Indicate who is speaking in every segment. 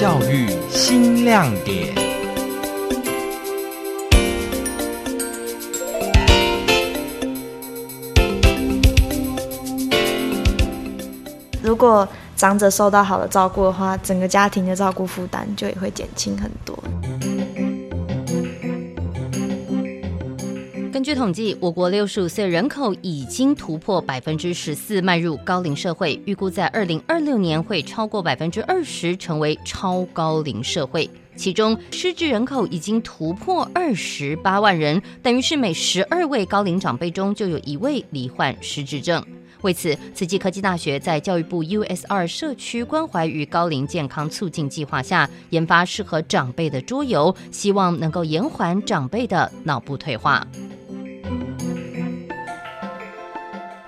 Speaker 1: 教育新亮點。
Speaker 2: 如果長者受到好的照顧的話，整個家庭的照顧負擔就也會減輕很多。
Speaker 1: 根據統計，我國六十五歲人口已經突破百分之十四，邁入高齡社會。預估在二零二六年會超過百分之二十，成為超高齡社會。其中失智人口已經突破二十八萬人，等於是每十二位高齡長輩中就有一位罹患失智症。為此，慈濟科技大學在教育部 USR 社區關懷與高齡健康促進計劃下，研發適合長輩的桌遊，希望能夠延緩長輩的腦部退化。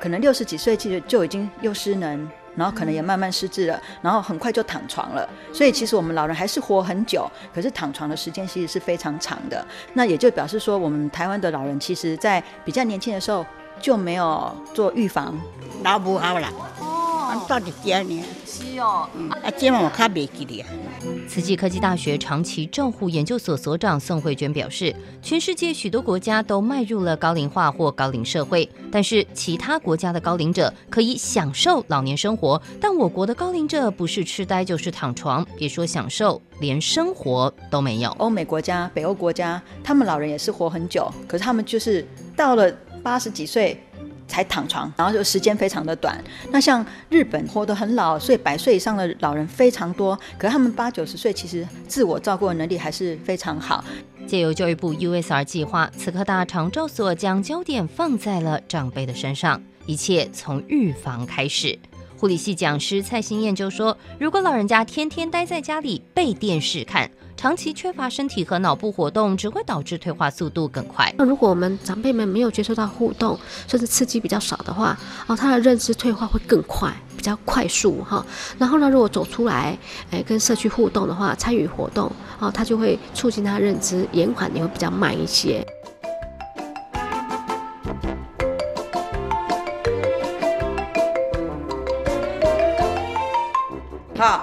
Speaker 1: 可能六十幾歲其實就
Speaker 2: 已經又失能，然後可能也慢慢失智了，然後很快就躺床了。所以其實我們老人還是活很久，可是躺床的時間其實是非常長的。那也就表示說，我們台灣的老人其實在比較年輕的時候就沒有做預防，那不
Speaker 1: 好了。慈濟科技大學長期照護研究所所長宋惠娟表示，全世界許多國家都邁入了高齡化或高齡社會，但是其他國家的高齡者可以享受老年生活，但我國的高齡者不是痴呆就是躺床，別說享受，連生活都沒有。
Speaker 2: 歐美國家、北歐國家，他們老人也是活很久，可是他們就是到了八十幾歲才躺床，然後就時間非常的短。那像日本活得很老，所以百歲以上的老人非常多。可是他們八九十歲，其實自我照顧的能力還是非常好。
Speaker 1: 借由教育部 USR 計劃，慈科大長照所將焦點放在了長輩的身上，一切從預防開始。護理系講師蔡欣晏就說：“如果老人家天天待在家裡背電視看，長期缺乏身體和腦部活動，只會導致退化速度更快。
Speaker 3: 那如果我們長輩們沒有接受到互動，甚至刺激比較少的話，哦，他的認知退化會更快，比較快速哈、哦。然後呢，如果走出來，哎，跟社區互動的話，參與活動，哦，他就會促進他的認知，延緩也會比較慢一些。”
Speaker 4: 哦、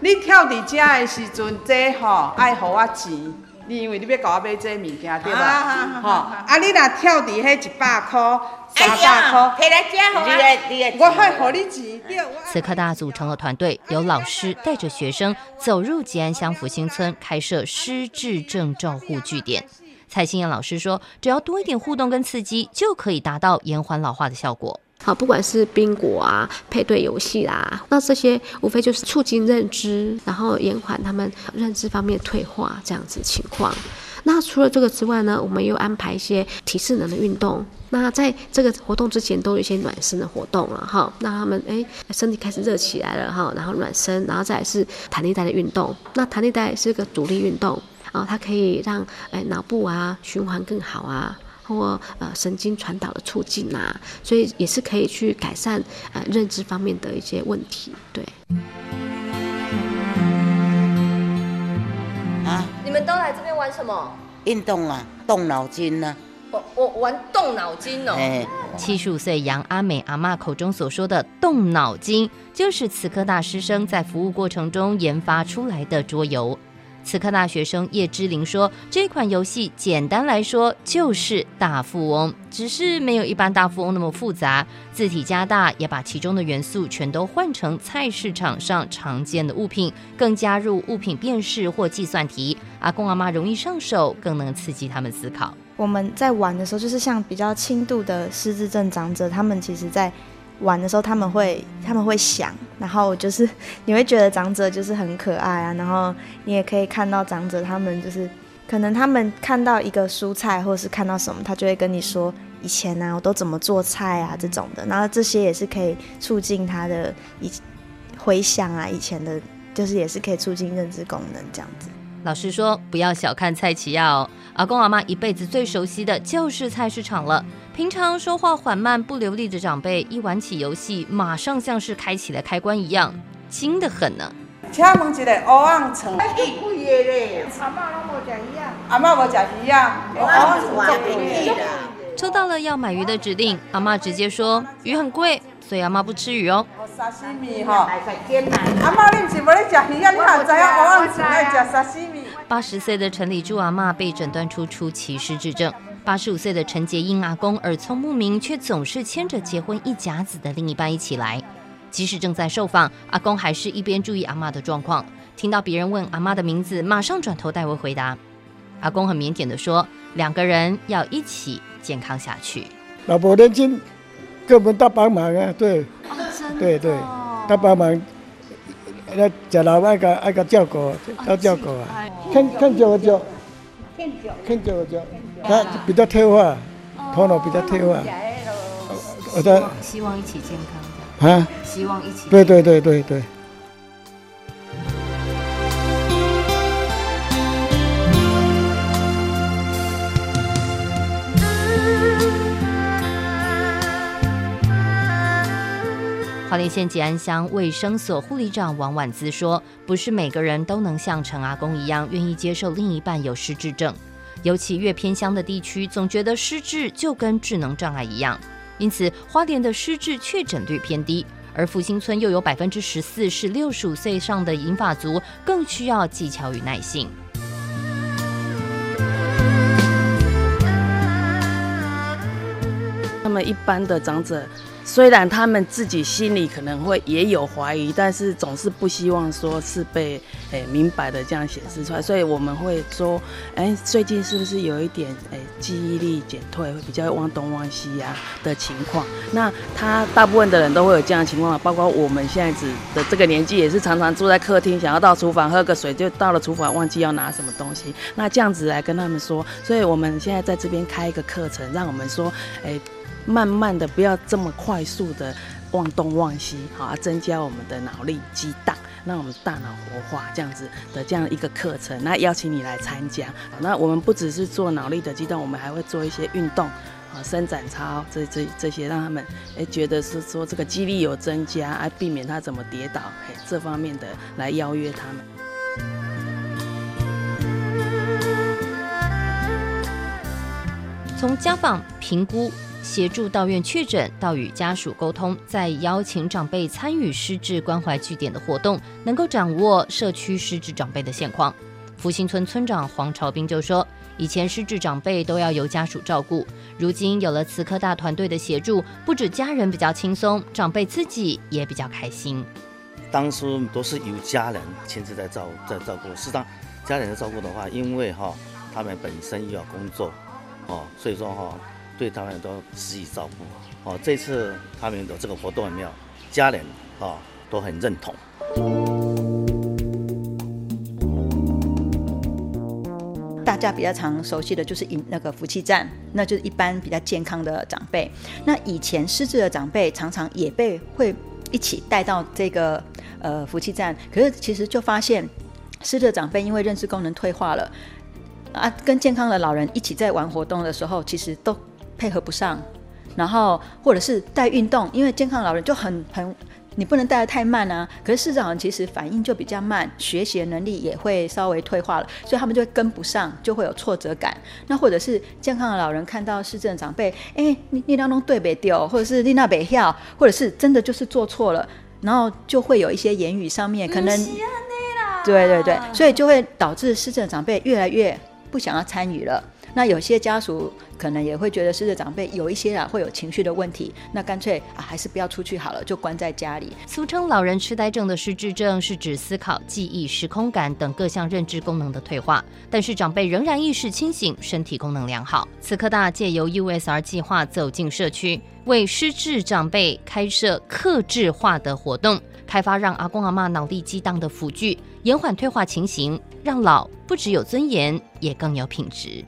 Speaker 4: 你跳佇這的時陣、哦，這吼愛好啊錢，你因為你要給我買這物件，啊、對吧？哈，啊，你若跳佇迄一百塊，三百塊，哎、我還好你,你,你錢。你
Speaker 1: 錢慈科大組成了團隊，由老師帶着學生走入吉安鄉福興村，開設失智症照護據點。蔡欣晏老師說，只要多一點互動跟刺激，就可以達到延緩老化的效果。
Speaker 3: 好，不管是賓果啊、配對遊戲啦，那這些無非就是促進認知，然後延緩他們認知方面退化這樣子情況。那除了這個之外呢，我們又安排一些體適能的運動。那在這個活動之前都有一些暖身的活動了、啊、哈，那他們哎、欸、身體開始熱起來了哈，然後暖身，然後再來是彈力帶的運動。那彈力帶是個阻力運動，啊，它可以讓誒、欸、腦部啊循環更好啊。或呃神經傳導的促進啊，所以也是可以去改善呃認知方面的一些問題，對。
Speaker 1: 啊，你們都來這邊玩什麼？運動啊，動腦筋呢，啊。我我玩動腦筋哦。七十五歲楊阿美阿媽口中所說的“動腦筋”，就是慈科大師生在服務過程中研發出來的桌遊。慈科大學生葉之琳說：“這款遊戲簡單來說就是大富翁，只是沒有一般大富翁那麼複雜。字體加大，也把其中的元素全都換成菜市場上常見的物品，更加入物品辨識或計算題，阿公阿嬤容易上手，更能刺激他們思考。我們
Speaker 2: 在玩的時候，就是像比較輕度的失智症長者，他們其實在。”玩的時候他們會他們會想，然後就是你會覺得長者就是很可愛啊，然後你也可以看到長者他們就是，可能他們看到一個蔬菜或是看到什麼，他就會跟你說，以前啊，我都怎麼做菜啊，這種的，然後這些也是可以促進他的以，回想啊以前的，就是也是可以促進認知
Speaker 1: 功能這樣子。老實說，不要小看蔡奇耀、啊哦，阿公阿媽一輩子最熟悉的就是菜市場了。平常說話緩慢不流利的長輩，一玩起遊戲，馬上像是開啟了開關一樣，精得很呢，
Speaker 4: 啊。敲我想
Speaker 1: 抽到了要買魚的指令，阿媽直接說魚很貴。所以阿媽不吃魚哦。
Speaker 2: 媽
Speaker 1: 八十歲的陳李祝阿媽被診斷出出初期失智症。八十五歲的陳杰英阿公耳聰目明，卻總是牽着結婚一甲子的另一半一起來。即使正在受訪，阿公還是一邊注意阿媽的狀況，聽到別人問阿媽的名字，馬上轉頭代為回答。阿公很靦腆的說：“兩個人要一起健康下去。”
Speaker 3: 老婆，你真。各門都幫忙啊，對，對、哦哦、對，都幫忙，那家老愛個愛個照顧，都照顧啊，看腳腳，
Speaker 1: 看腳看腳腳，他比
Speaker 3: 較退化，頭腦比較退化。
Speaker 1: 我這希，希望一起健康，啊，希望一起，對對
Speaker 3: 對對對。
Speaker 1: 花蓮縣吉安鄉衛生所護理長王婉姿說：“不是每個人都能像陳阿公一樣，願意接受另一半有失智症。尤其越偏鄉的地區，總覺得失智就跟智能障礙一樣，因此花蓮的失智確診率偏低。而復興村又有百分之十四是六十五歲以上的銀髮族，更需要技巧與耐性。”
Speaker 4: 那麼一般的長者。雖然他們自己心裡可能會也有懷疑，但是總是不希望說是被欸明白的這樣顯示出來，所以我們會說，欸，最近是不是有一點欸記憶力減退，會比較忘東忘西啊的情況？那他大部分的人都會有這樣的情況，包括我們現在子的這個年紀也是常常坐在客廳，想要到廚房喝個水，就到了廚房忘記要拿什麼東西。那這樣子來跟他們說，所以我們現在在這邊開一個課程，讓我們說，欸，慢慢的不要這麼快。快速的忘東忘西，好，增加我們的腦力激盪，讓我們大腦活化，這樣子的這樣一個課程，那邀請你來參加。那我們不只是做腦力的激盪，我們還會做一些運動，啊伸展操這這這些，讓他們、欸、覺得是說這個肌力有增加，哎、啊、避免他怎麼跌倒、欸，這方面的來邀約他們。
Speaker 1: 從家訪、評估、協助到院確診，到與家屬溝通，再邀請長輩參與失智關懷據點的活動，能夠掌握社區失智長輩的現況。福興村村長黃朝斌就說：“以前失智長輩都要由家屬照顧，如今有了慈科大團隊的協助，不止家人比較輕鬆，長輩自己也比較開心。
Speaker 4: 當初都是由家人親自在照在照顧，是當家人在照顧的話，因為哈他們本身又要工作。”哦，所以說哈、哦，對他們都施以照顧。哦，這次他們的這個活動，沒有家人啊、哦，都很認同。
Speaker 2: 大家比較常熟悉的就是那個福氣站，那就是一般比較健康的長輩。那以前失智的長輩常常也被會一起帶到這個呃福氣站，可是其實就發現失智的長輩因為認知功能退化了。啊，跟健康的老人一起在玩活動的時候，其實都配合不上。然後或者是帶運動，因為健康的老人就很很，你不能帶的太慢啊。可是失智其實反應就比較慢，學習的能力也會稍微退化了，所以他們就會跟不上，就會有挫折感。那或者是健康的老人看到失智長輩，哎、欸，你你當中對別丟，或者是你那別跳，或者是真的就是做錯了，然後就會有一些言語上面可能、嗯、對對對，所以就會導致失智長輩越來越。不想要參與了，那有些家屬可能也會覺得失智長輩有一些啊會有情緒的問題，那乾脆啊還是不要出去好了，就關
Speaker 1: 在家裡。俗稱老人痴呆症的失智症，是指思考、記憶、時空感等各項認知功能的退化，但是長輩仍然意識清醒，身體功能良好。慈科大借由 USR 計劃走進社區，為失智長輩開設客製化的活動，開發讓阿公阿媽腦力激盪的輔具，延緩退化情形，讓老不只有尊嚴。也更有品質。